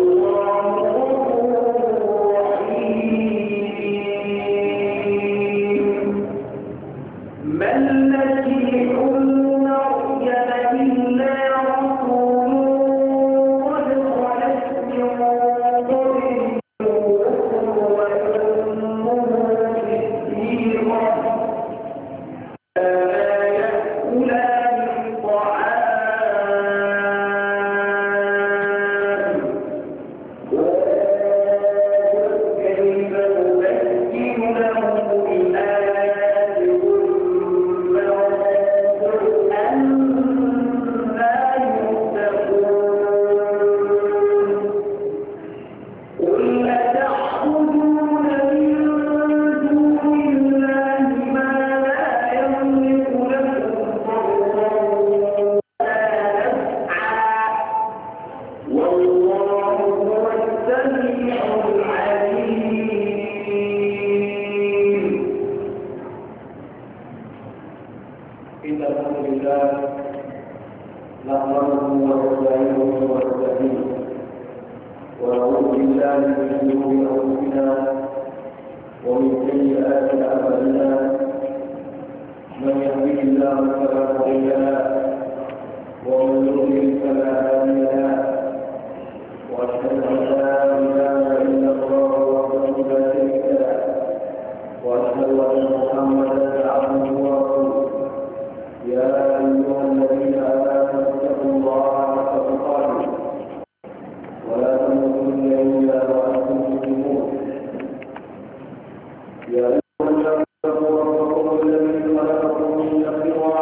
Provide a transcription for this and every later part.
Allah. يا أيها الناس اتقوا ربكم الذي خلقكم من نفس واحدة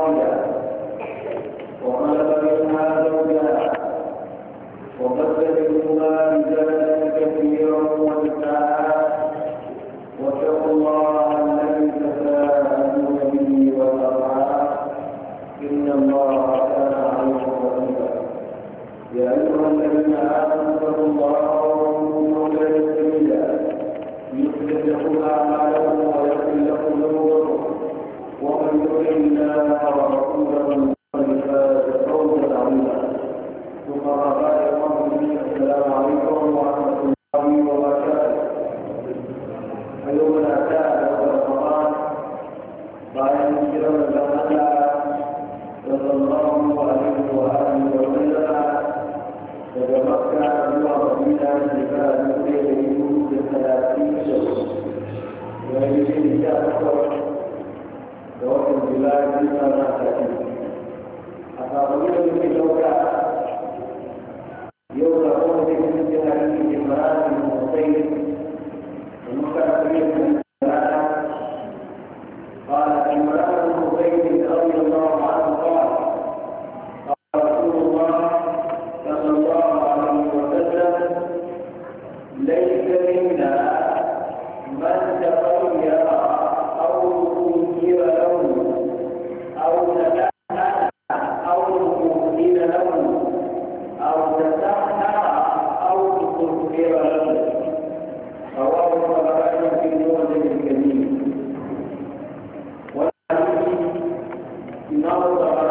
subhanahu wa ta'ala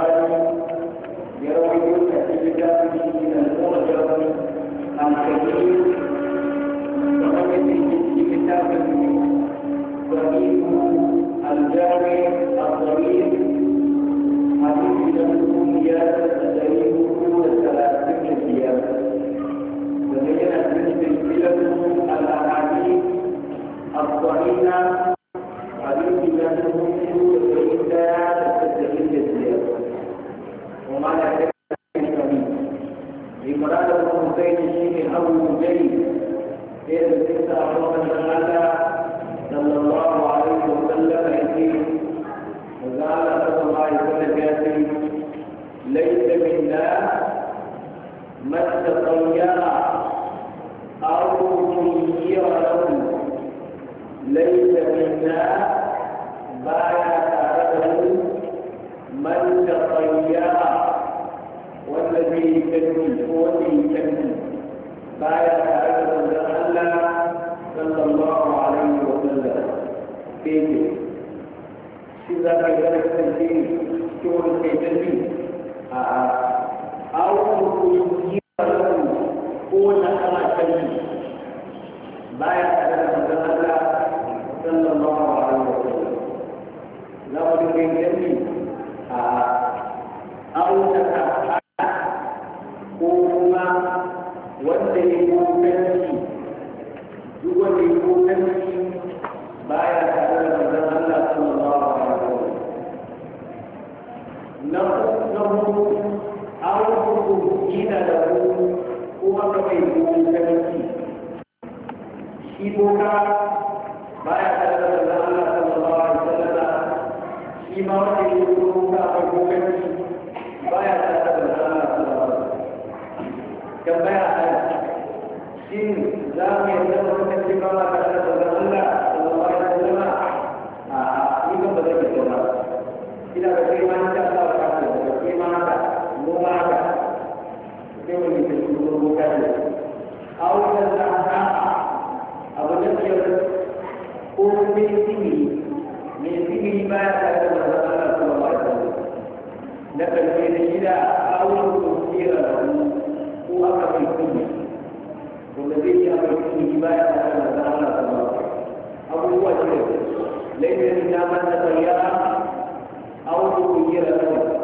shi ba ya tare da manzon Allah sallallahu alaihi wasallam shi ma wanda ya yi boka a bokanci baya tare da Allah sallallahu alaihi wasallam tambaya a shin za mu yarda da wannan cewa ba tare da Allah sallallahu alaihi wasallam a ni ba ba zai yarda ba ina da kai ma ni ta Allah ka ce kai ma haka mu ma haka sai mu yi da shi boka ne a wannan min sihi min sihi ma ta da masana kuma ba ta da kalmi da shida aure ko tira da ko aka kai kuma ko da zai ya mai kuma shi ba ya ta da masana kuma abubuwa ce lai da ni na manta tsariya aure ko tira da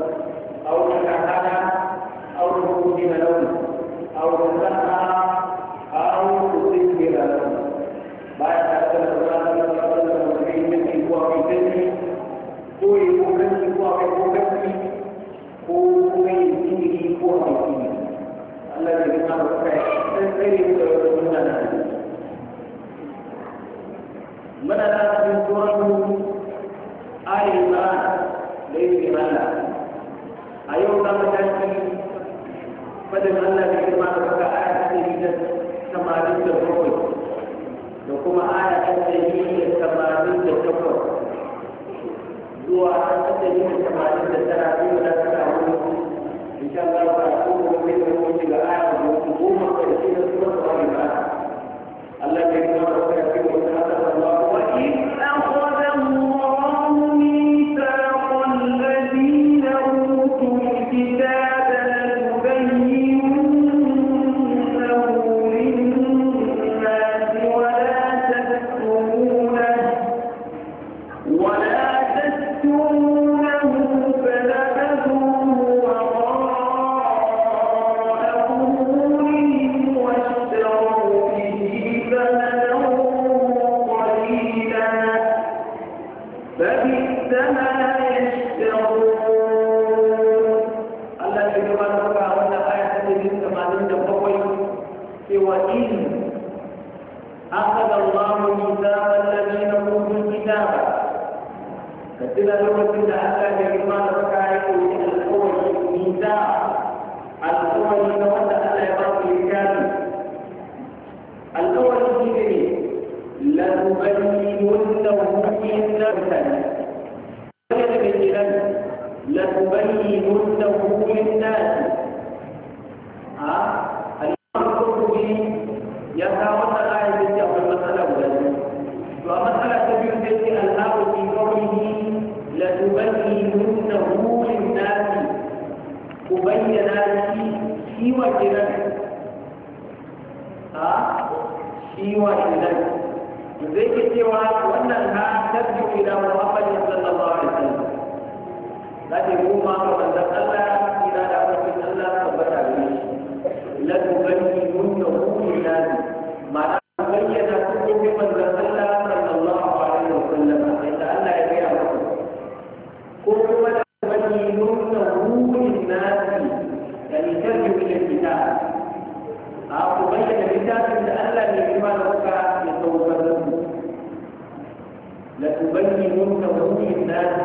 لتبينوا كون الناس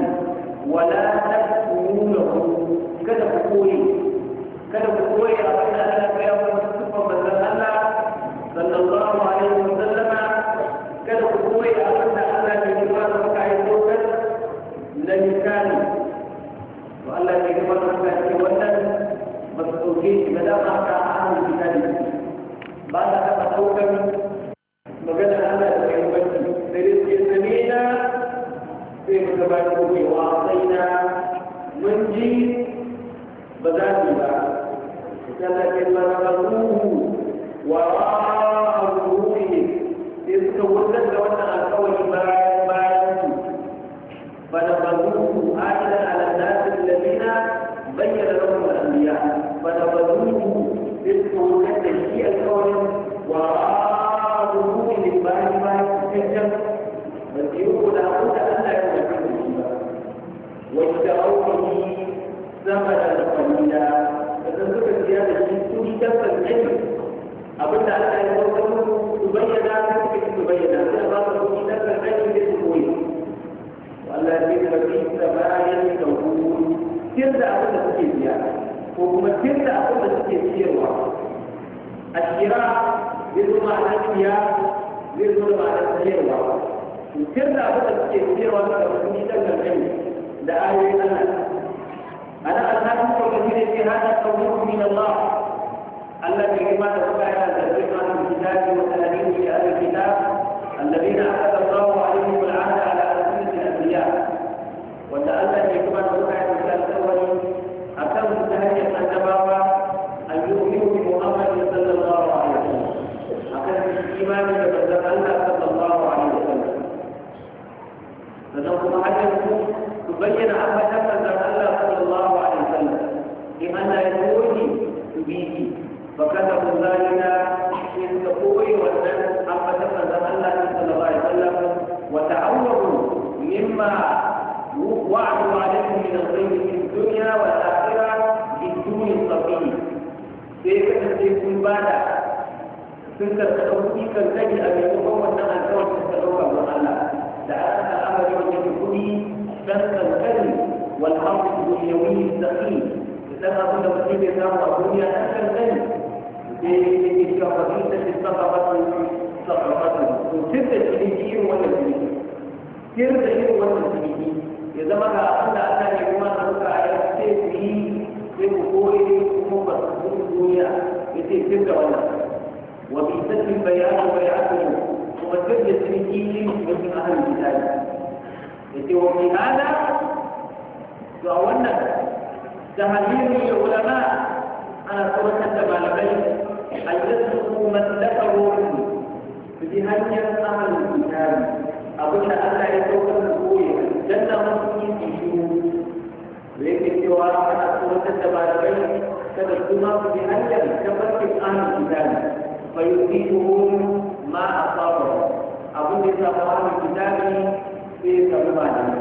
ولا تكفرونه كذا بقولي كذا بقولي ربنا انا في اول الصفه مثلا انا صلى الله عليه وسلم كذا بقولي ربنا انا في جبال لن كان وقال لك في جبال بدا ركع عام الكتاب بعد هذا para dan abin da mutum ya samu a duniya an kan sani da yake cewa ba sun tafi sakabatu sakabatu to tir da ciniki irin wannan ciniki tir da irin wannan ciniki ya zama ga abin da aka ne kuma a ruka a yau sai ku yi sai ku koyi kuma ba su kuma duniya ya ce tir da wannan wa bi sabbin bayani wa ya'tuhu kuma tir da ciniki irin mutum ahlul kitabi yace wa bi hada to a wannan تهذيب العلماء أنا توكلت على بيت أن يسلكوا مسلكهم بهنيا أهل الكتاب أظن أن لا يتوكل الأولى جنة مسلمين يشوف لكن سواء أنا توكلت على بيت تبسما بهنيا كفرت أهل الكتاب فيصيبهم ما أصابهم أظن أن أهل الكتاب في كلمة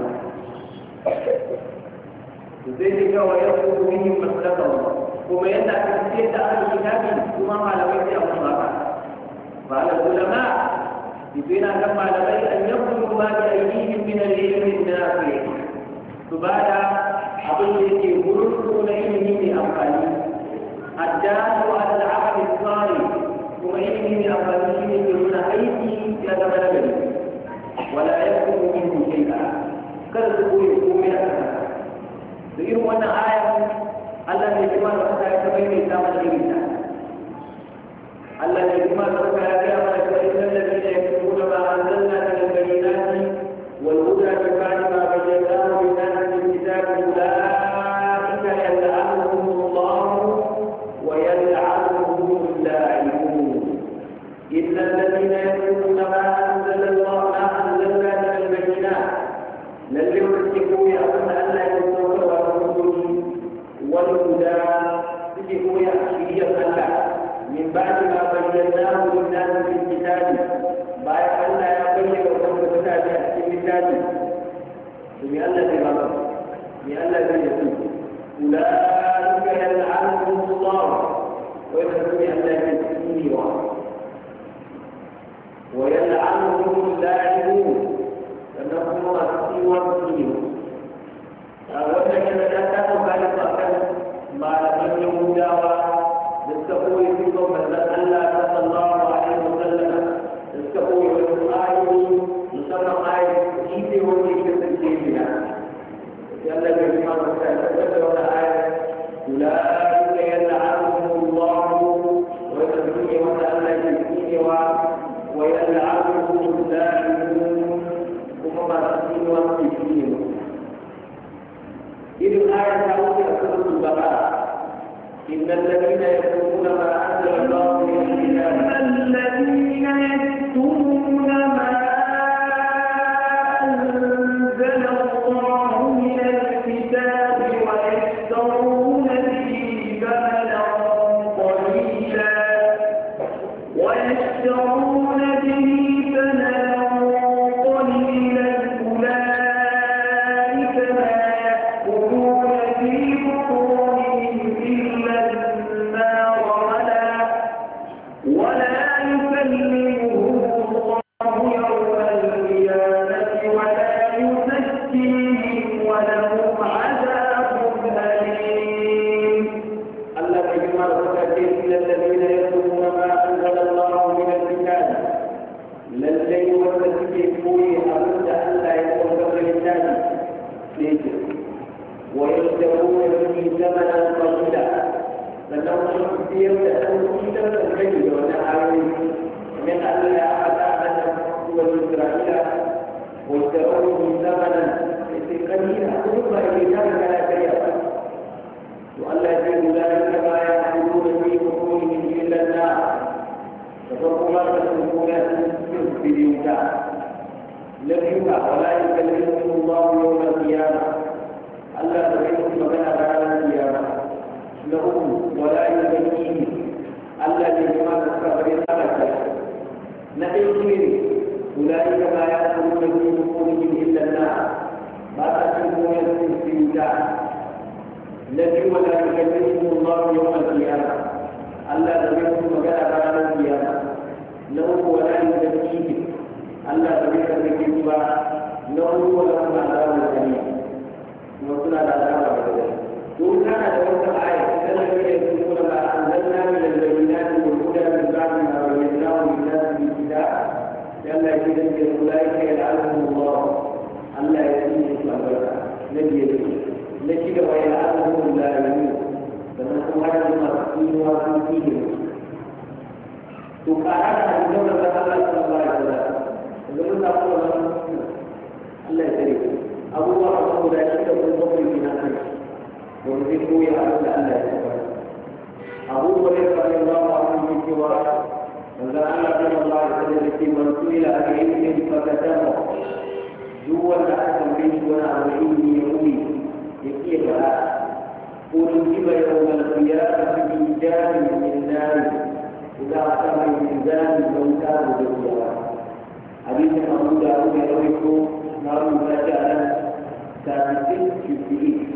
zai ji gawa ya kuma wihin masalaka wa kuma yadda a kasance da aka yi kitabi kuma malamai ne a kuma haka ba da ulama ibi na kan malamai an yi kuma ba da ainihin min alimin da aka yi su ba da abin da yake gurin su na ilimi mai amfani a jami'a wa da aka yi amfani shi ne ke nuna aiki ya zama na gari wala ya kuma yi kuma yi kuma yi kuma yi kuma yi kuma yi kuma yi kuma yi kuma yi kuma yi kuma yi kuma yi kuma yi da irin wannan aya Allah ne kuma da wata ya taɓa yin ta mana irin ta Allah ne kuma da wata ya ga mana cewa innal ladina yakfuruna ma anzalna min al-bayyinati wal huda min ba'di ma bayyana lin-nasi fil kitabi ulaika yal'anuhum Allah wa yal'anuhum al-la'inun innal ladina yakfuruna ma anzalna Allah ma anzalna min al-bayyinati lalli yusiku ya Allah والهدى تجهو يأشيه الله من بعد ما بيناه للناس في الكتاب بعد أن لا يقل وكم الكتاب في الكتاب لأن الذي غضب لأن الذي يسوء أولئك يلعنهم الله ويحكم أن لا يكون ويلعنهم اللاعبون لأنهم رسيوا فيهم wannan yana da ta kokari ba kan malaman yahudawa da suka koyi fito manzon Allah sallallahu alaihi wasallam da suka koyi wasu ayoyi musamman ayoyi shi ne wanda yake sanke gida yalla bai kuma ta da wannan ayat ulai ayat yang kita sebut juga. Inna Allah yang berkuasa atas segala Allah ya tsare ku أبو رحمه لا شك في الظهر في نفسه يمسكه يا أبدا أن لا يكبر أبو هريرة رضي الله عنه في سواه وإذا أن صلى الله عليه وسلم من سئل عن علم فكتمه جوا أحسن منه وأنا عن علمي يقوي يكيف أرتب يوم القيامة بإنجاز من نار إذا أصاب الإنسان لو كان بالقيامة حديث أبو داود يرويه نار فجأة 358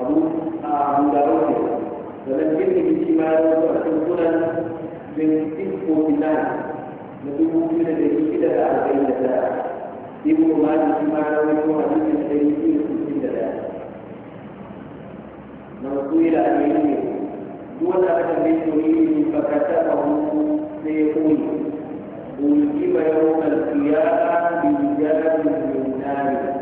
أبو آه، أبو داود ولم يكن الاجتماع والسنن من 649 نبيه من الذي كده أربعين دلالة ابن ماجه اجتماع ويكون حديث الذي فيه 60 دلالة نرسل إلى أن ولا دون أن يؤمن فكتبه سيقول ألزم يوم القيامة بمجرد من نار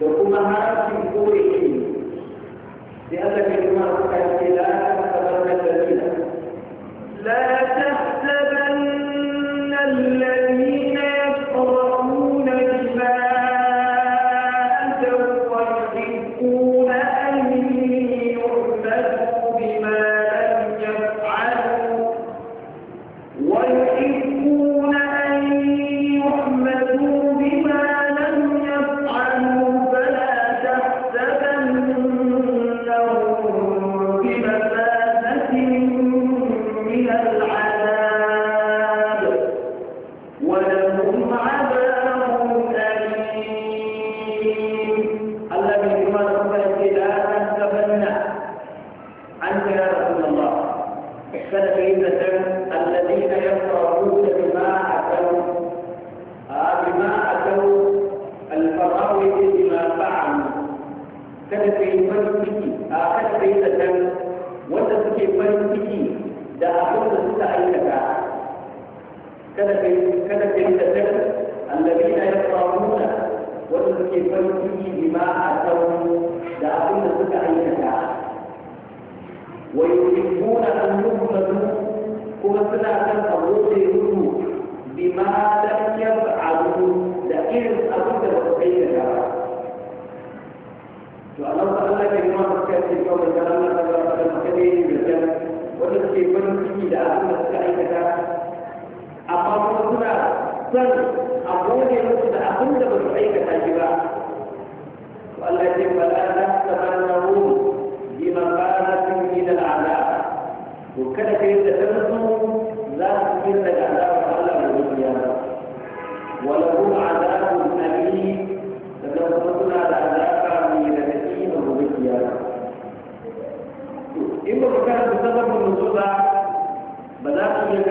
لأنك إذا ما رأيت لا تفرج لا تهتم إلا العذاب على الدنيا عذاب أليم فتنصرنا العذاب من الدين الدنيا إما كان بسبب النزول بدأت من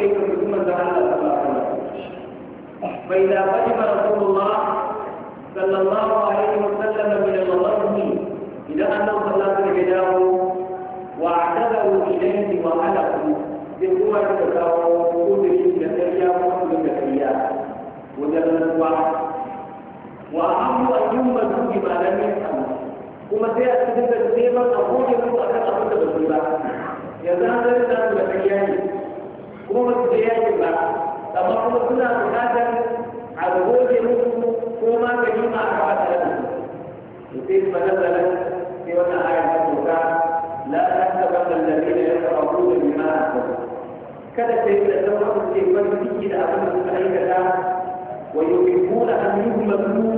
كيف يكون تعالى فإذا قدم رسول الله صلى الله عليه وسلم من الغزو إلى ان صلاه بداه واعتذروا إليه وعلقوا بقوة تساووا قدر زكريا وقبل زكريا وجلد واحد وأهم أن يمتوا بما لم يفهموا وما سيأتي بالتسليم أقول لكم أكثر من بالتسليم يزال ذلك kuma ba su yaƙi ba amma kuma suna buƙatar a goge musu ko magani ma a kawo da su sai su matsalar sai wannan ayar ta doka la ta taɓa tallafi da ya taɓa kuma bi ma a kada sai da zama su ce farin ciki da abin da suka aikata wa yuhibbuna an yuhmalu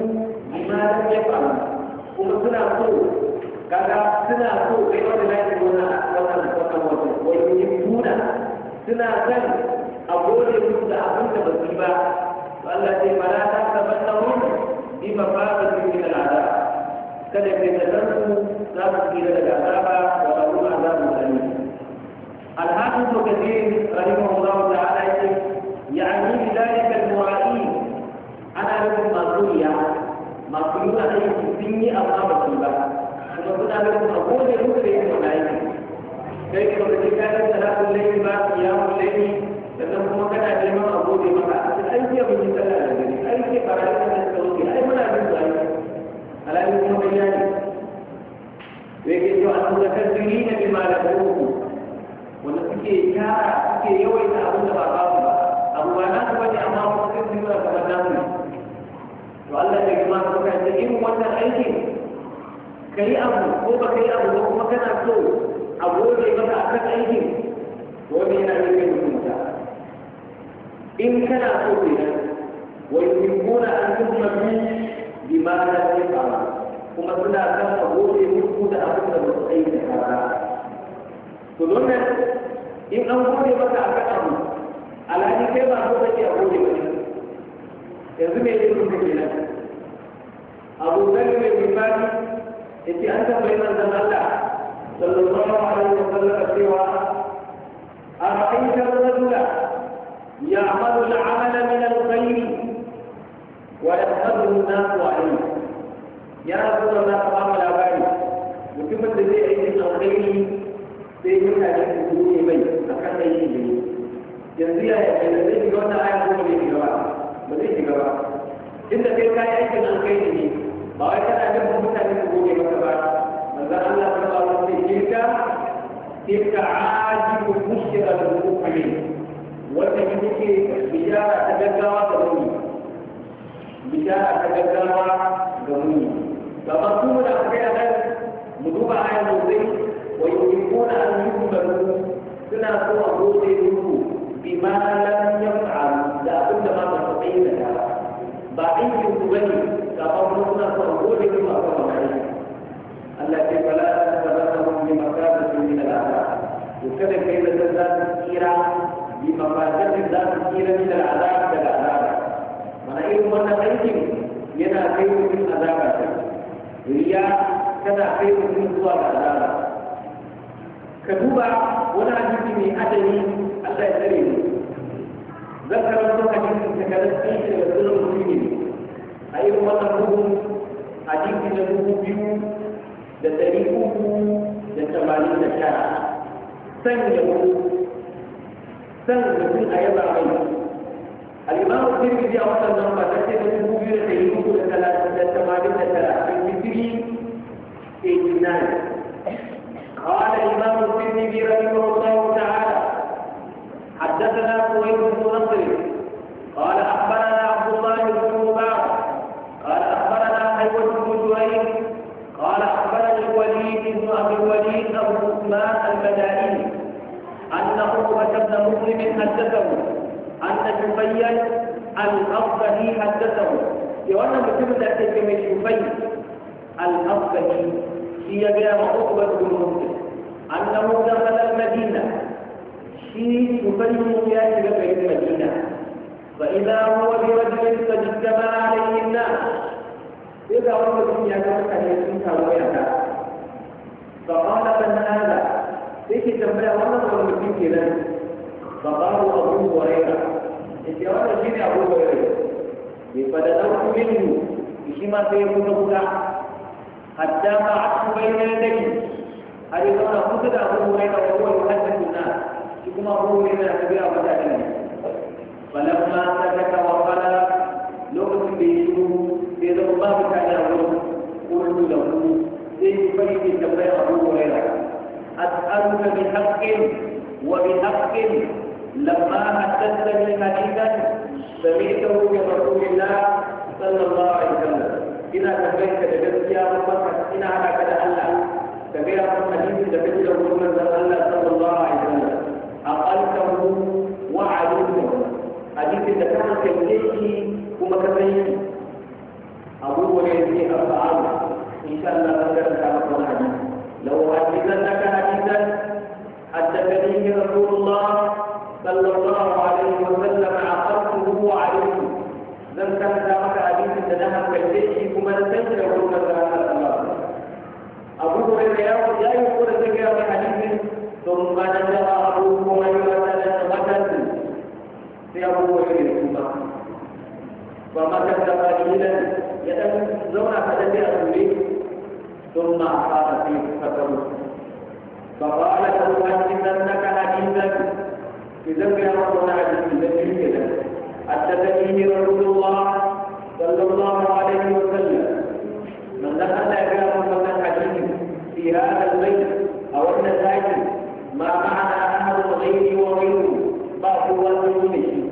bima lam yaf'alu kuma suna so kaga suna so kai wanda zai wannan wannan wani wato wa yuhibbuna suna kan a gode musu da abin da ba ba Allah ce ba ta saba ta hudu ni ba ba da su da al'ada kada ke da nan su za su tsira daga azaba da rabuwa za su sani alhaji to kaje rahimahullah ta'ala yake ya'ani bi al-mu'ain ana rubun masuriya masu yi a aiki sun yi amma ba su ba kuma suna rubun a gode musu da yin da aiki kai ne wanda ka yi salatun laifi ba kiyamun laifi sannan kuma kana neman a gode maka a cikin aiki abin yi sallah da gari aiki farayin da suka wuce ai muna bin su aiki alamin kuma bai yaki zai ke cewa an tuka tasiri na bi malamu wanda suke tara suke yawaita abin da ba babu ba abu ba na su bane amma kuma sai su yi wa kamar nasu to Allah ya gama su kan irin wannan aikin kai abu ko ba kai abu ba kuma kana so a goge masa a kan aikin wani yana da kai mutunta in kana so kenan wai yuhibbuna an tumma bi ma la yaqala kuma suna kan a goge muku da abin da ba aiki aikata ba to don nan in an goge maka a kan abu alhali kai ba so kake a goge ba yanzu me yake nuna kenan abu zan mai bifani yace an tambayi manzon Allah صلى الله عليه وسلم سوى أرأيت الرجل يعمل العمل من الخير ويحفظه الناس عليه يا رسول الله صلى الله عليه mutumin da zai aiki alkhairi sai da su ne mai a kan da yi ne yanzu ya yi da zai shiga wannan aya ko zai shiga ba ba zai shiga ba inda kai ka yi aikin alkhairi ne ba wai kana jin mutane su goge maka ba ذا الله تعالى تلك تلك عاجب مشكلة المؤمنين وتجدك بشارة تجدها تغني بشارة تجدها تغني فمقصود أحيانا مدوبة على المؤمن ويحبون أن يقبلوا سنة صور بما لم يفعل لا بد ما تستطيع لها بعيد بني كما قلنا فهو لما قلنا التي فلا تتبعهم بمفادة من العذاب وكذا كيف تزداد كثيرا بمفادة تزداد كثيرا من العذاب كالعذاب من أي من أيهم ينا خير من عذاب ويا كذا خير من سوى العذاب كذوبا ولا جسم أدني ألا يسلم ذكر الله حديث تكالسي فيه رسول المسلمين أيهم من أيهم أجل له بيوم da ɗari uku da tamanin da tara san yabo san mutum a yaba mai al'imamu tirmidhi a wannan namba ta ce da dubu biyu da uku da talatin da tamanin da tara حدثه عن شفيا الأصبهي حدثه يوانا مسلم تأتيك من شفي الأصبهي في بها عقبة بن مسلم أنه دخل المدينة شيء شفيع يأتي بيت المدينة فإذا هو برجل قد اجتمع عليه الناس إذا هو مسلم يأتي كان فقال من هذا ليش تنبيه وانا ولا مسلم كذا فقالوا أبو هريرة إنت وانا شيني أبو هريرة فدلوت منه بشما سيكون حتى قعدت بين يديه هل يكون قتل أبو هريرة وهو يحدث الناس ثم أبو هريرة كبير وتأتي فلما سكت وقال لغة بيته في ذنبه تعالى قلت له إن فريد الجبريل أبو هريرة أسألك بحق وبحق لما حدثني حديثا سمعته من رسول الله صلى الله عليه وسلم إذا سمعت لجدك يا رب إن على كذا ألا سمعت حديث لبدله من الله صلى الله عليه وسلم أقلته وعلمته حديث لكان كالسيح ومكبيه أبوه ليزيه أبو عمرو إن شاء الله أنها كالتي كما تنسى وما الله أبو هريرة لا يقول ذكر بحديث ثم نزل أبوكم مثلا غدا في أبو هريرة فمكث قليلا يدعو زونا فدل أبوه ثم أحاط فيه فكبر فقال أنك حديثا إذا كان ربنا عز وجل حدثني رسول الله صلى الله عليه وسلم من دخل إلى مصلى الحديث في هذا البيت أو المساجد ما معنى أحد غيري وغيره ما هو المسلم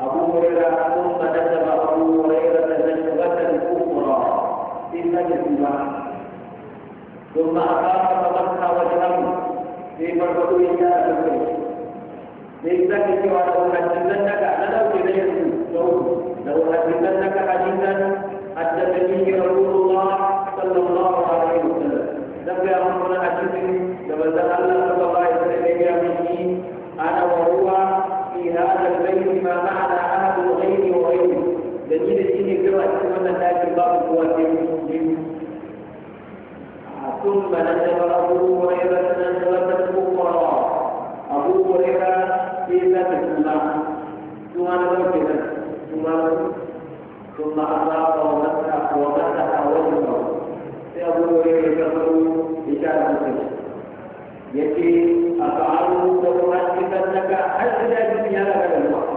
أبو هريرة ثم نسب أبو هريرة نسبة أخرى في مجلس ثم أقام فمسح وجهه في مرضه إلى البيت لذلك أنا لو كذلك لو حديثا حتى تجيك رسول الله صلى الله عليه وسلم لم يأمرنا حديث لما سأل صلى الله عليه وسلم أنا وهو في هذا البيت ما معنى أحد غيري وغيري دليل الدين كما أتمنى ذلك الله هو ثم نزل أبو هريرة نزلت الكفار أبو هريرة في ذات الله ثم نظر كذا ثم ثم أصاب ومسح ومسح وجهه في أبو هريرة يقول إشارة مسلمة يجي أفعل لو حدثنك حدث بها لك الوقت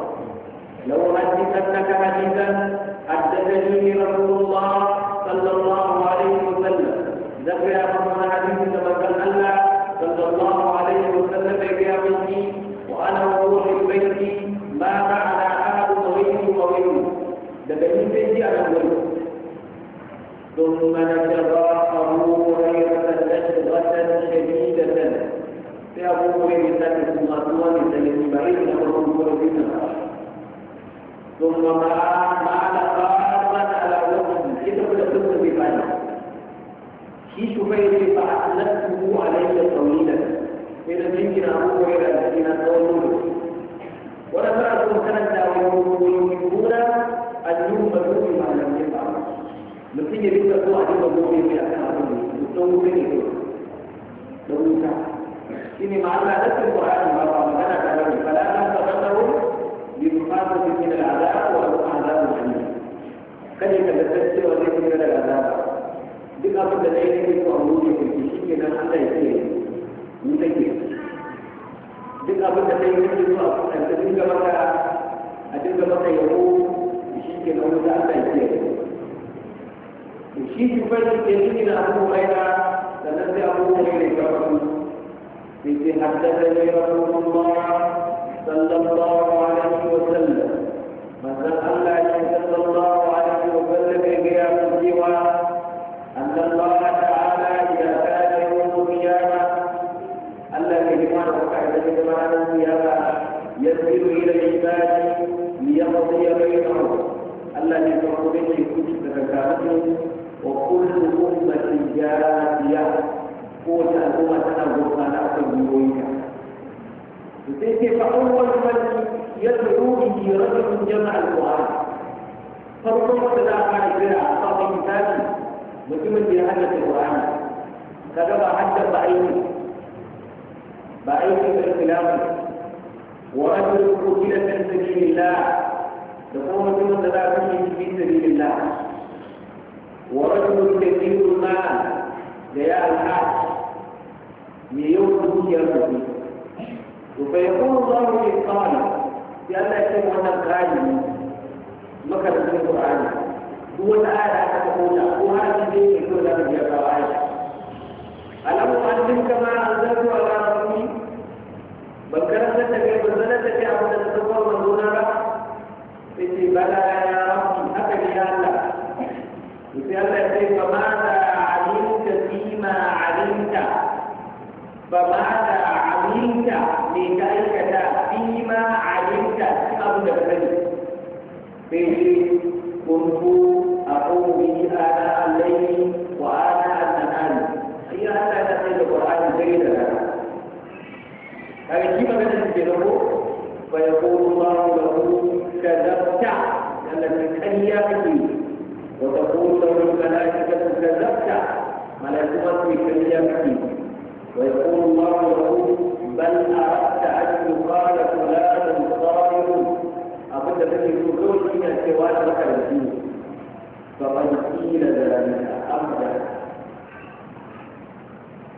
لو حدثنك حديثا حدثني رسول الله صلى الله عليه وسلم ذكر يا حديث تبقى الله صلى الله عليه وسلم وأنا وروحي بيتي ما معنى أحد طويل طويل لبني بيتي أنا أقول ثم نتراءه غيرة نشرة شديدة في أبو هريرة ثم أطول سنة بعيد ثم ما سبحانه يرى ينزل إلى العباد ليقضي بينهم الذي تقوم به كتب زكاته وكل أمة جاثية قوت الأمة أنهم أنعت بنورها لذلك فأول من يدعو به رجل جمع القرآن فربما تدعى إلى أعصاب إنسان mutumin da ya haddasa Qur'ani kaga ba haddasa aiki بعيد الإسلام ورجل قتل في سبيل الله يقوم بما تدافعه في سبيل الله ورجل كثير المال ليا الحاج ليوم يوم فيقول الله للقائل أن يكون هذا القائل مكة في القرآن هو الآية تقول وهذه هي الدولة يا يقرأها ألم أعلمك ما أنزلت على ban karanta da kai ban da kai abin da ta tabbata manzo ba sai ce bala ya rabbi haka ne ya Allah sai Allah ya ce fa ma da alimta fima alimta fa ma da alimta me ka aikata fima alimta abin da ka sani sai ce كنت أقوم به آناء الليل وآناء النهار هي أنها تقول القرآن da لنا هذا كيف بدأت تجربه فيقول الله له كذبت لأنك كنياتي وتقول له الملائكة كذبت ملائكة كنياتي ويقول الله له بل أردت أن يقال فلان صائم أبدا في الحدود من السواد وكالدين فقد قيل ذلك أبدا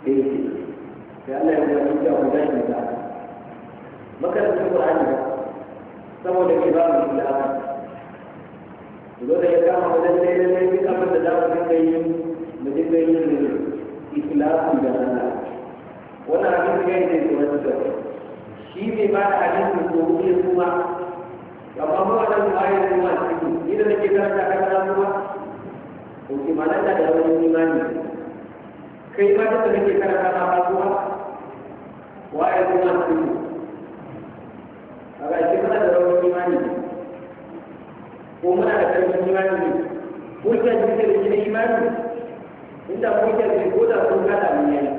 إيه لأن يقول له ذلك makarantar Qur'ani saboda ke ba mu da zo da ya kama da duk abin da za mu dinga yi mu yi ne da Allah wannan abin da yake da wani shi ne ba da ko kuma amma ba kuma da kana kuma ko ki da wani imani kai ma da karanta ba kuma wa a ga shi muna da rawar imani ko muna da karfin imani ne hujjar da take da shi na imani inda hujjar ne ko da kun gada mun yayi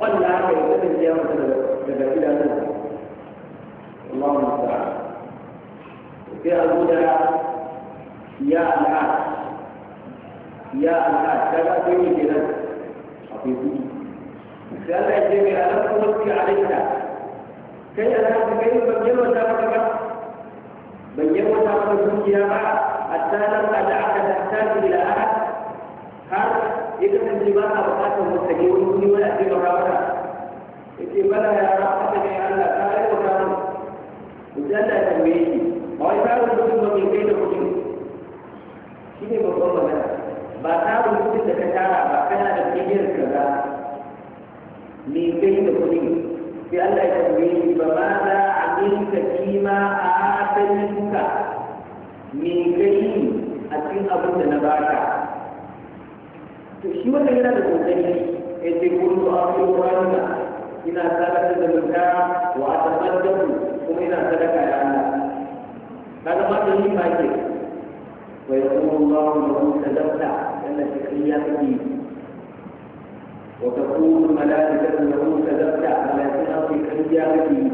wanda aka yi kasance ya masa daga gidan nan Allahu musta'an sai a zo da ya al'ad ya al'ad kaga akwai ne kenan akwai kuɗi sai Allah ya ce mai alaƙa wasu alaika kai da za ka gani ban yi wata maka ba ban yi wata maka dukiya ba hatta nan a da aka tattaki ila ahad har ya kasance ba a bukatar wata ne wani wuri wani a cikin rawata ya bala ya rafa ta kai Allah ta yi wa rafa mutum Allah ya tambaye shi ba wai tarin mutum ba mai kai da mutum shi ne babban magana ba tarin mutum da ka tara ba kana da kiyar kaza mai kai da kuɗi sai Allah ya tambaye shi ba ma za a minka kima a atalinka me kai a cikin abin da na baka to shi wannan yana da kokari ya ce kullu akhiruna ina sadaka da minka wa atasaddaqu kuma ina sadaka da Allah kada ma da yi ba ke wa ya Allah Allahu lahu sadaqta yana cikin ya kake وتقول الملائكة له تدفع على في قيامته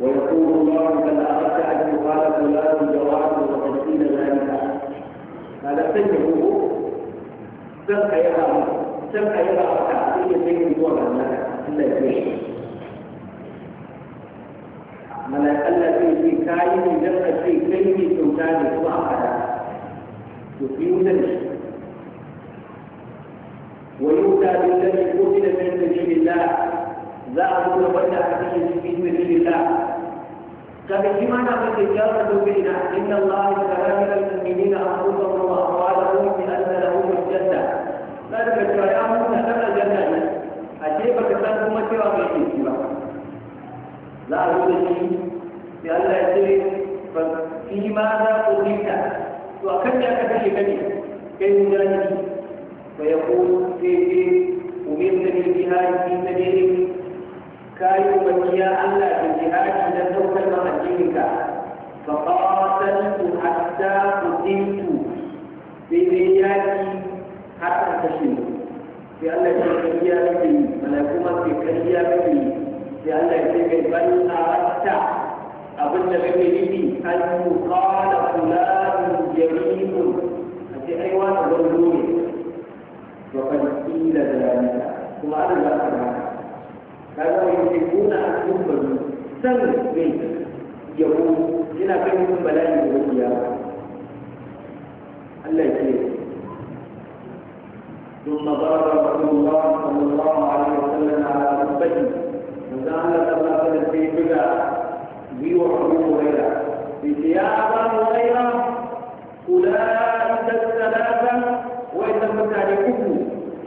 ويقول الله بل أردت أن يقال فلان جواب وتفصيل ذلك هذا سيده سبق يرى سبق يرى تعطيل بين دون الملائكة إلا يجيش التي في كائن جمع في كلمة سلطان الله تعالى يقيم ذلك ويؤتى بالذي قتل من سبيل الله za a zo da wanda aka kashe cikin sabilillah kaga shi ma na mace ya rabu bi ina inna allaha yatara min al a anfusahum wa amwalahum bi anna lahum al-janna zalika cewa ya mutu kan aljanna ne a ce ka san kuma cewa mai ke ba za a zo da shi sai Allah ya ce fa ma za ku rika to akan ya ka kashe kake kai mun gani ويقول في أمرنا بالجهاد في سبيله كاي وكيا ألا بالجهاد لنوك المهجنك فقاتلت حتى قتلت بمياتي حتى تشمت في الله يتكيا بي ملكوما تكيا بي في الله يتكيا بل أردت أبن بميلي أن يقال فلان جميل أتي أيوان ظلومي وقد قيل ذلك ثم أنا لا كانوا هذا ويحبون أن ينبذوا سن من يقول هنا بينكم بلاء الرؤيا الله يكرمك ثم ضرب رسول الله صلى الله عليه وسلم على ركبته فزعل الله عليه في بدا ويوحي هريره يا ابا هريره اولئك الثلاثه وان لم عليكم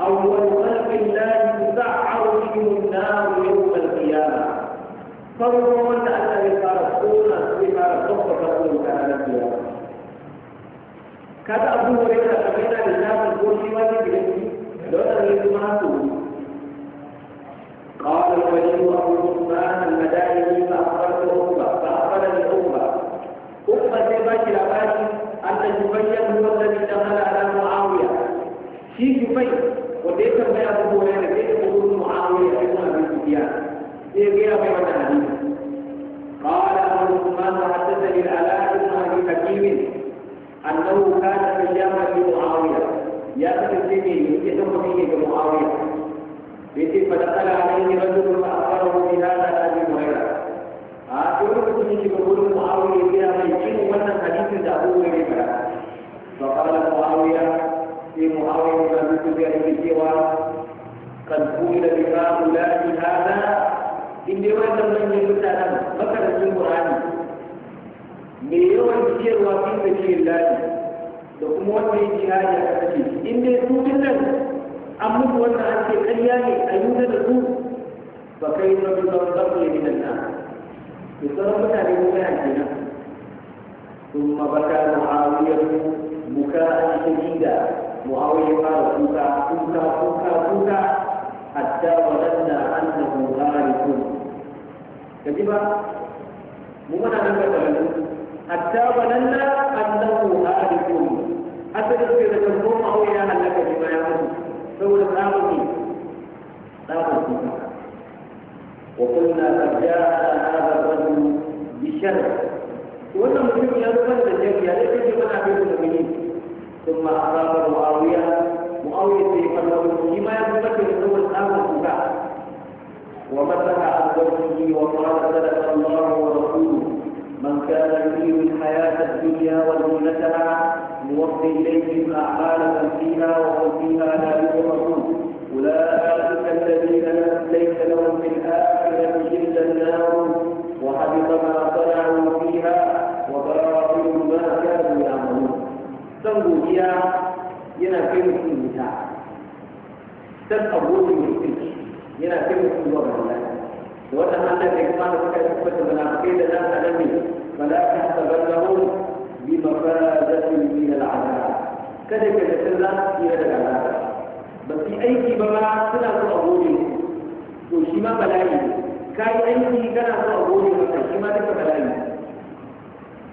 والخلق لا يسعر فيهم النار يوم القيامة فربما أن يتعرفون بما تصفقون كان القيامة kata abu da ya tafi da littafin ko shi wani gidanki da wata ne kuma su kawai da wani ko abu da da dai ne a fara da ba a fara da umma ko kuma sai ba ki labari an da ki bayyana wanda ke da mala'ala mu'awiya shi ki bayyana ليس من أبو هريرة ليس أبو معاوية ابن أبي سفيان ليس من أبو هريرة إيه قال أبو عثمان حَدَّثَنِي العلاء بن أبي حكيم أنه كان في اليمن بمعاوية يأتي بِهِ يتهم بِهِ بمعاوية يتي فدخل عليه رجل فأخبره بهذا أبي هريرة أقول لكم أنك تقول معاوية بها من يجيب حَدِيثٍ الحديث ده فقال معاوية في محرم ما ذكر به سوى قد قيل بهؤلاء هذا in dai wannan manyan mutanen makarantun Qur'ani me yawan ciyarwa fi sabilin lahi da kuma wanda yake hali a kasance in dai su dinnan an mutu wannan an ce ne a yuna da su ba kai na zama mutane mu kai hanke nan ثم بكى معاوية بكاء شديدا Muawiyah berkata, buka, buka, buka, hatta walanda anda mengharikun. Jadi pak, mungkin ada kata lagi, hatta walanda anda mengharikun. Apa itu kita semua Muawiyah hendak jadi macam tu? Semua tahu ni, tahu semua. Wakilnya kerja ada baru di syarikat. Kita mungkin yang pun terjadi ada kerja mana pun begini. ثم أراد معاوية معاوية قلبه لما يتذكر هو الآن بعد ومسك عن وجهه وقال سلك الله ورسوله من كان يريد الحياة الدنيا وزينتها نوفي إليهم أعمالهم فيها وهم فيها لا يظلمون أولئك الذين ليس لهم في الآخرة إلا النار وحبط ما صنعوا فيها وباطل ما كانوا son godiya yana kai mutum wuta san abokin mutum yana kai mutum zuwa ga Allah wannan Allah ne kuma da kuka yi kuma da munafikai da nan anan ne malaka tabarrahu bi mafazatin min al'adab kada ka za su tsira daga Allah ba su aiki ba ma suna so to shi ma bala'i ka yi aiki kana so a ba, maka shi ma duka bala'i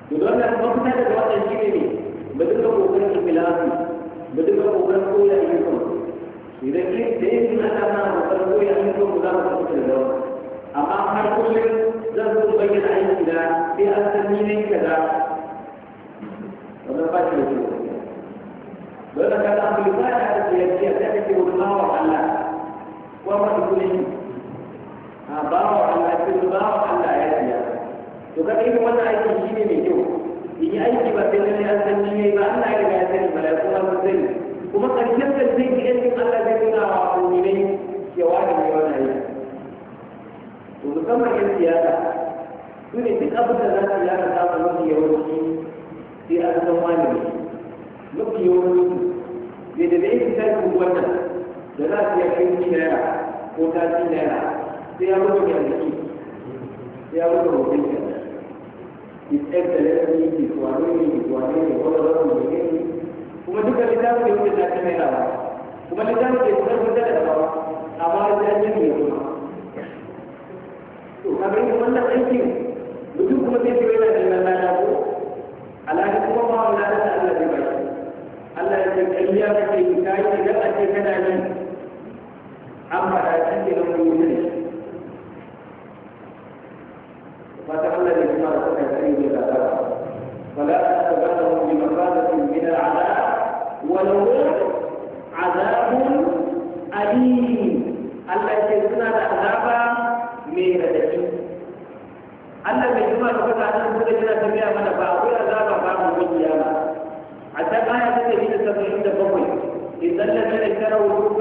to don nan mafita daga wannan shi ne mu duka kokarin ikhlasi mu duka kokarin koya ayyukan idan ke da yin suna ta na kokarin koya ayyukan mu za mu kasance da yawa amma har kullum zan zo bayyana aiki da sai an san ni ne kaza wannan ba shi da kyau dole ka samu ibada da biyayya da kake gurbawa Allah ko ma kullum a bawa Allah ko bawa Allah ya biya to kada irin wannan aiki shine mai kyau in yi aiki ba sai lalle an san ne ba Allah ya riga ya sani ba da kuma mun sani kuma karshen da zai ji yankin Allah zai nuna wa mu'minai ya wani mai wannan aiki to musamman yan siyasa su ne duk abin da za su yi aka samu mafi yawanci sai an san wani ne mafi yawanci ne da da yake tarihin wannan da za su yi kai naira ko tashi naira sai ya mutu yanzu sai ya mutu mutunta يتقال ثلاثة ميتي وعليني وعليني ولا رقم بجيني وما دوك اللي تعمل يقول لنا كميرا وما اللي تعمل يقول لنا ثلاثة أمار الزاجين يقول وكابرين كمان لك أيكي بدوك ما تيجي ولا لما ما نابو على هذا هو ما لا تسأل الذي بيت الله يقول إياك في مكاية جاءت كنا من فلا أتبعهم بمفادة من العذاب ولو عذاب أليم التي يكون العذاب من الأجل أن المجموعة تفتح عنه من فأقول عذاب بعض القيامة حتى ما يأتي إلى التفحيم تقوي إذا الذين اشتروا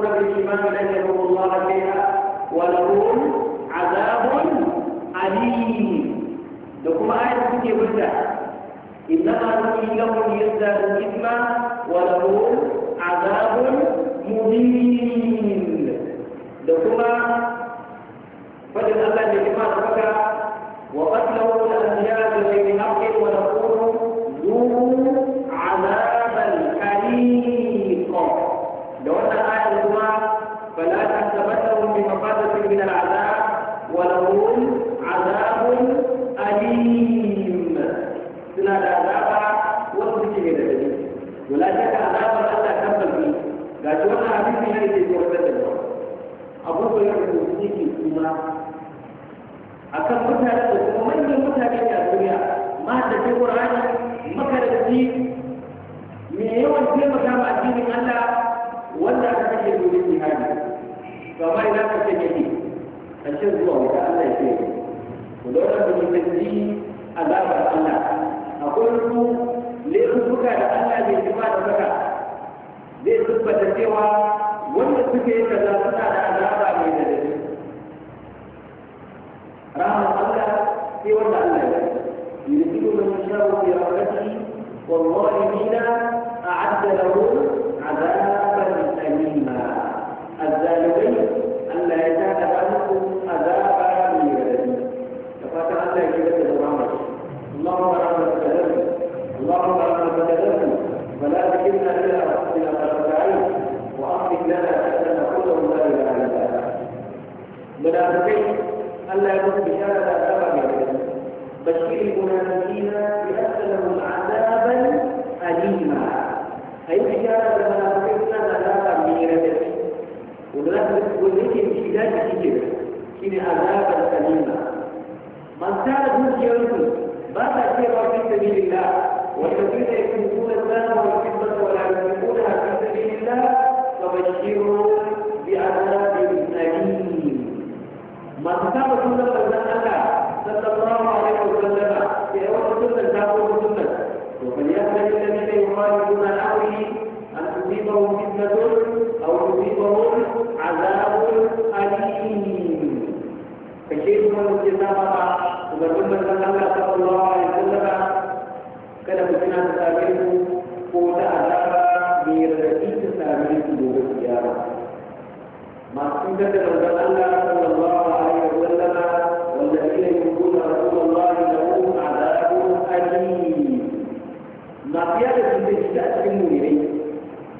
الله فيها ولهم عذاب أليم لكم آية كتير إنما نحن لهم يزدادوا إثما ولهم عذاب مبين لكما فجد الله لكما سبك وقتلوا الأنبياء بغير حق ونقول to la ka azabar Allah kan balbi ga shi wannan hadisi ne ke tsoratar da mu abu ko yake da yake kuma akan mutane da kuma manyan mutane a duniya ma da ke Qur'ani makaranti me yawan taimaka ma addinin Allah wanda aka kake domin jihadi kamar idan ka ce yake ƙarshen zuwa wuta Allah ya ce ku dole ku yi azabar Allah akwai su laifuka da Allah bai jima da baka zai tabbata cewa wanda suke yi kaza suna da azaba mai da dare rahama Allah sai wanda Allah ya yi yuridu man yashaa'u bi rahmatihi والظالمين أعد لهم عذابا أليما الظالمين ألا يزال عنهم عذابا من يدهم فقال الله يجب أن اللهم رحمة اللهم فلا تكلنا إلى أنفسنا طرفتين وأصلح لنا شأننا كله لا إله إلا أنت منافقين ألا يكون بشأننا أبدا بشر المنافقين بأن لهم عذابا أليما أي بشارة المنافقين لنا عذابا ميرة والمنافق والذي في ذلك كده كده عذابا أليما من كانت مجيئته ما تأتي في سبيل الله والذين يكتبون المال والفضة ولا ينفقونها في سبيل الله فبشرهم بعذاب أليم ما كتاب سنة الله صلى الله عليه وسلم في أول سنة تابوا سنة وفليحذر الذين يخالفون عن أمره أن تصيبهم فتنة أو يصيبهم عذاب أليم فشيخ من الكتاب ومن الله صلى الله cuta ta same ku ko ta azaba mai radadi ta same ku gobe kiyama masu cutar da manzon Allah sallallahu alaihi wa sallama wanda ila yunquna rasulullahi lahu azabun alim ma fiya da cuta ta cikin mu'minai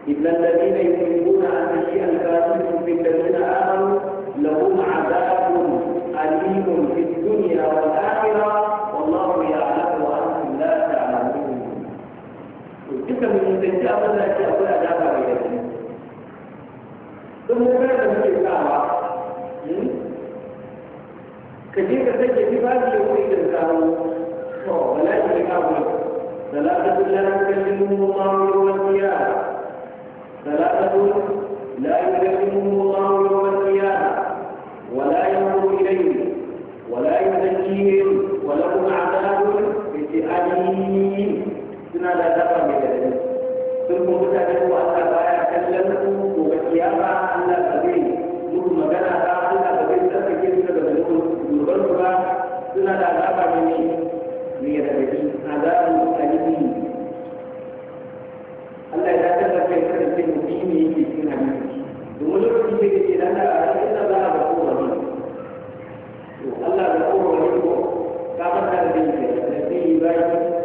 إلا الذين يحبون أن تشيء الفاحشة في الذين آمنوا لهم عذاب أليم في الدنيا والآخرة suka mutunci abin da ake akwai a dama mai yanzu don mutar da muke sawa ka je ka sake ni ba ni yau idan kawo to wala ki ka mu salatu lillahi kallimu Allah wa qiyam salatu la yukallimu Allah wa qiyam wala yanzuru ilayhi wala yuzakkihim wa lahum adabun bi alim suna da daba mai gadari sun kuma mutane kuma Allah baya kallon su gobe kiyama Allah ba zai mutu magana ba Allah ba zai tsarkake su daga zunuban su ba suna da azaba mai mai radadi azabun alimi Allah ya tabbata kai kada sai mutum ne yake cikin hadisi domin lokacin da yake da Allah a cikin Allah ba ko wani Allah ba ko wani ko ka fara da yi da sai bai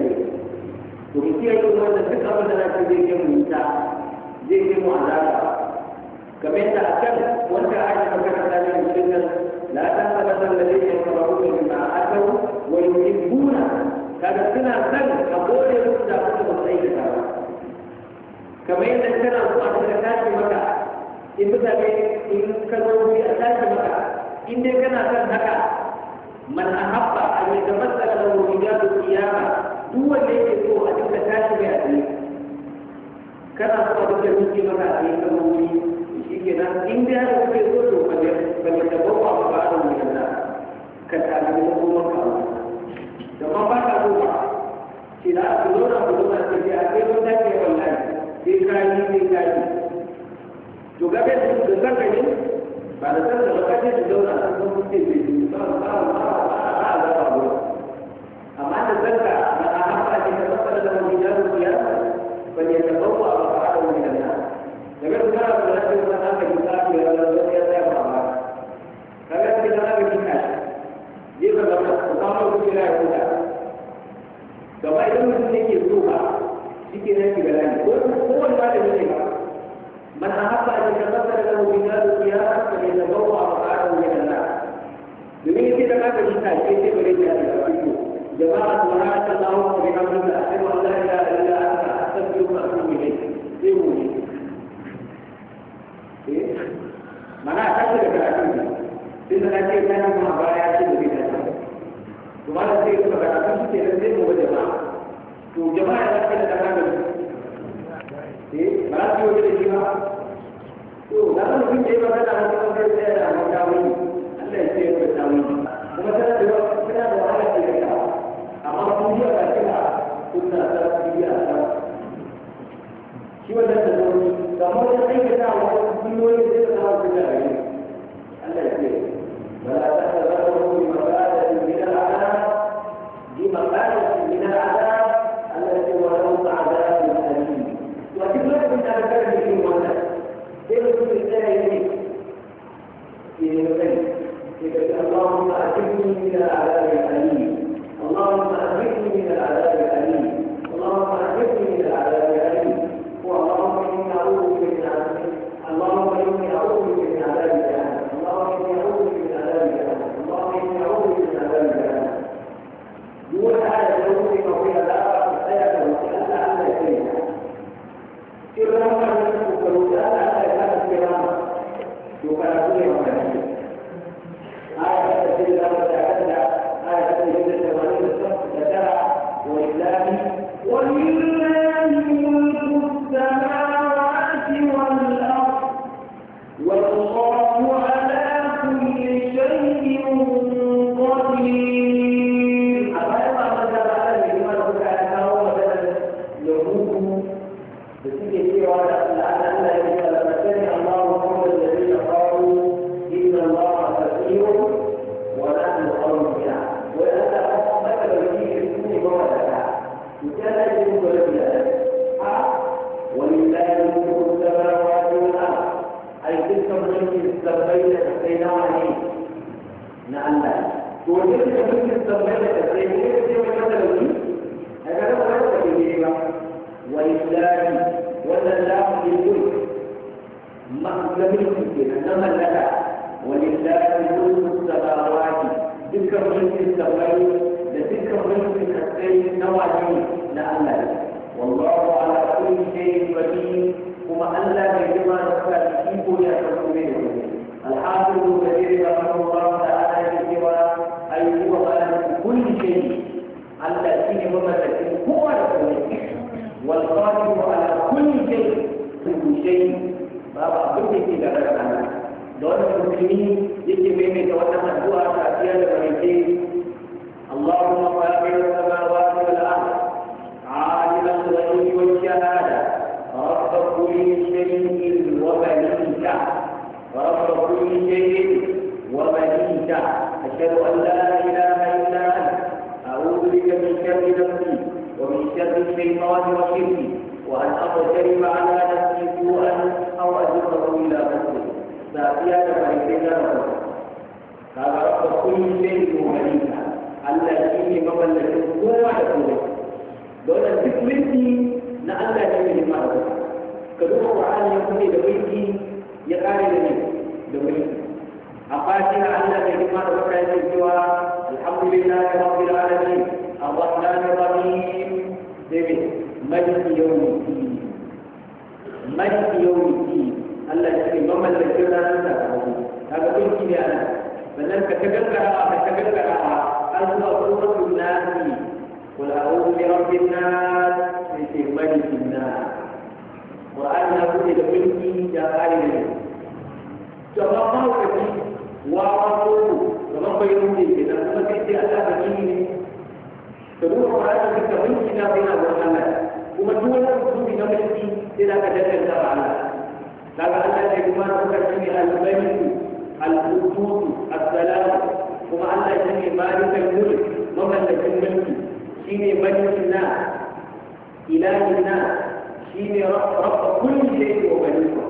kiyaye wanda duk abin da zaka zai kai mu ta zai kai mu azaba kamar a can wanda aka magana da shi cikin nan la ta da sabata alladhi yakfuruna bima wani wa yuhibbuna kada suna san a kore musu da abin da ba su aikata ba kamar yadda kana so a cikin tashi maka in mutane in ka zo wuri a tashi maka in dai kana son haka man ahabba an da bi yawmil qiyamah duk wanda yake so a duka tashi ga yaƙi kana so a duka duki maka a yi kama wuri shi ke nan in da yaro kuke so to ba da ba ba ba da wuri da ka tafi da kuma ka da ma ba ka so ba shi da a kudo na kudo na ce a kai mun ke wallahi sai ka sai to gabe da zaka ne ba da san da baka ce da zauna a kan kuke bai ba ba ba ba ba ba amma da zanka na كان له ميزان القيامة فليتبوأ مقعده من الناس النار لكن كان من هذه المناطق الثانية التي لا يفعلها فكانت في مناطق الناس يبقى لما تطلعوا في لا يقولها كما إذا المسلمين يبدوها في ناس بلاني هو الغالب منها من أحب أن يتبدل له ميزان القيامة فليتبوأ مقعده من الناس لمن يتبقى في الناس يتبقى جماعة سبحانك اللهم وبحمدك الله أن لا min shay'in walika Allah shi ne mamallakin kowa da kowa dole duk mulki na Allah ne mai himma da ka duba Qur'ani ya kuma da mulki ya kare da ne da mulki a fatiha Allah mai himma da kuka yake cewa alhamdulillahi rabbil alamin arrahmanir rahim sai maliki yawmiddin maliki yawmiddin Allah shi ne mamallakin ranar da kaga mulki ne Allah فلن تتجلها تتجلها أن هو سورة الناس قل أعوذ برب الناس من ملك الناس وأنه للملك جبار جبار كثير وعرفوه ومن بينهم كذا ثم تأتي على بنيه تدور هذا في كمين بنا وحنا وما تولى الكتب نملك إلى أجل الله تعالى لعل أن يكون هناك الملك القدوس السلام kuma Allah shi ne malikan mulk mamallakin mulki shi ne malikin na ilahin na shi ne rabba kulli shay wa malika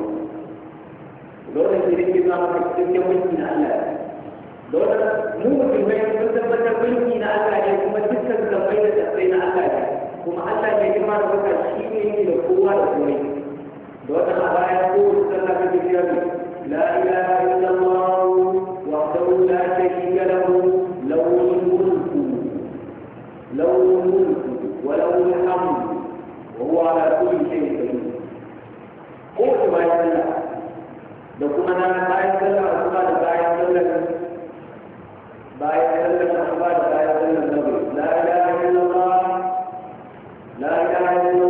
dole ne rike za mu cikin mulki na Allah dole mu musulmai mun tabbatar mulki na Allah ne kuma dukkan zambai da tsaye na Allah ne kuma Allah ne girma da baka shi ne yake da kowa da komai da wannan a baya ko sallah ta tafiya ne لا إله إلا الله وحده لا شريك له له الملك له الملك وله الحمد وهو على كل شيء قدير قوة ما يدل da kuma na bayan kallon a kuma da bayan kallon bayan da bayan na bai la ilaha